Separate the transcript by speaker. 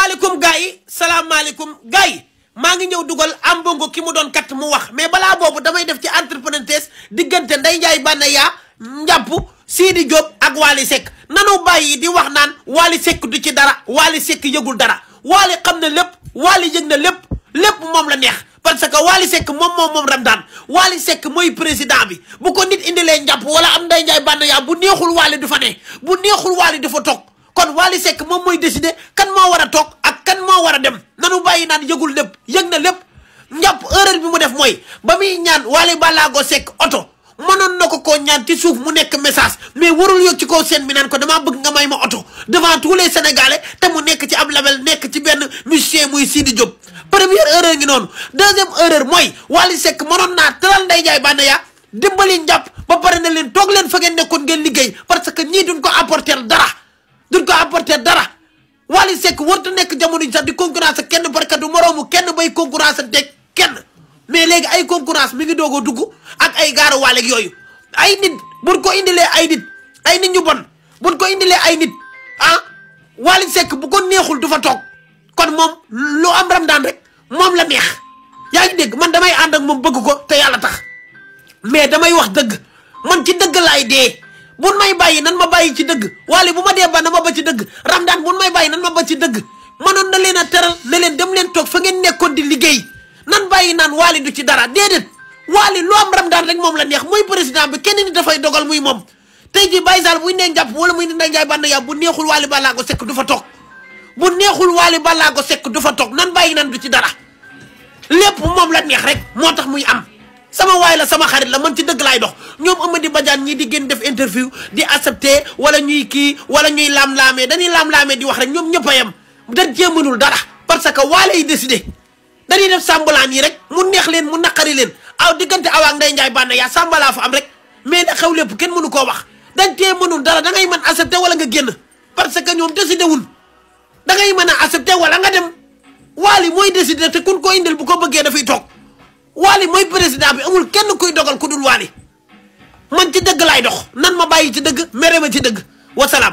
Speaker 1: salaamaaleykum gars yi salaamaaleykum gars yi maa ngi ñëw dugal am bongo ki mu doon kat mu wax mais balaa boobu damay def ci entrepreneuriat diggante Ndeye Ndiaye Banaya njàpp Sidi Diop ak Waly Seck nanu bàyyi di wax naan Waly Seck du ci dara Waly Seck yëgul dara Waly xam na lépp Waly yëg na lépp lépp moom la neex parce que Waly Seck moom moom moom Ramadane Waly Seck mooy président bi bu ko nit indilee njàpp wala am Ndeye Ndiaye yaa bu neexul Waly du fa ne bu neexul Waly du fa toog kon Waly sekk moom mooy décider yëg na lépp njàpp erreur bi mu def mooy ba muy ñaan Wally Ballago Seck oto mënoon na ko koo ñaan ci suuf mu nekk message mais warul yëg ci kaw seen bi naan ko damaa bëgg nga may ma oto devant tous les sénégalais te mu nekk ci ab label nekk ci benn musicien muy Sidi Diop. première erreur ngi noonu deuxième erreur mooy Wally Seck mënoon naa tëral nday jaay bànn yaa dimbali njàpp ba pare na leen toog leen fa ngeen nekkoon ngeen Seck warta nekk jamono ji sax di concurrence kenn parce que du moroomu kenn bay concurrence teg kenn mais léegi ay concurrence mi ngi doog dugg ak ay gaaruwaale ak yooyu ay nit buñ ko indilee ay nit ay nit ñu bon buñ ko indilee ay nit ah Wally sekk bu ko neexul du fa toog kon moom lu am ram Ramadane rek moom la neex yaa ngi dégg man damay ànd ak moom bëgg ko te yàlla tax mais damay wax dëgg man ci dëgg laay dee buñ may bàyyi nan ma bayi ci dëgg Wally bu ma dee ba na a teral ne leen dem leen toog fa ngeen nekkoon di liggéey nan bàyyi naan waali du ci dara déedéet waali lu am ramdaan rek moom la neex mooy président bi kenn ni dafay dogal muy moom tey jii Baye Sall buy wala muy ne Ndeye Ndiaye bànn bu neexul waali balaago sekk du fa toog bu neexul waali balaago sekk du toog nan bàyyi naan du ci dara lépp moom la neex rek moo tax muy am sama waay la sama xarit la man ci dëgg laay dox ñoom Amady Badiane ñii di gën def interview di accepté wala ñuy kii wala ñuy laam-laamee dañuy laam-laamee di wax rek ñoom ñëpp a yem dañ cee mënul dara parce que waale yi décidé dañuy def sàmbalaan yi rek mu neex leen mu naqari leen aw diggante awaak nday njaay bànn yaa sàmbalaa fa am rek mais ne xew lépp kenn mënu koo wax dañ cee mënul dara da ngay mën accepté wala nga génn parce que ñoom décidé wul da ngay mën a accepté wala nga dem waali mooy décidé te kun ko indil bu ko bëggee dafay toog waali mooy président bi amul kenn kuy dogal ku dul waali man ci dëgg laay dox nan ma bàyyi ci dëgg mere ma ci dëgg wasalaam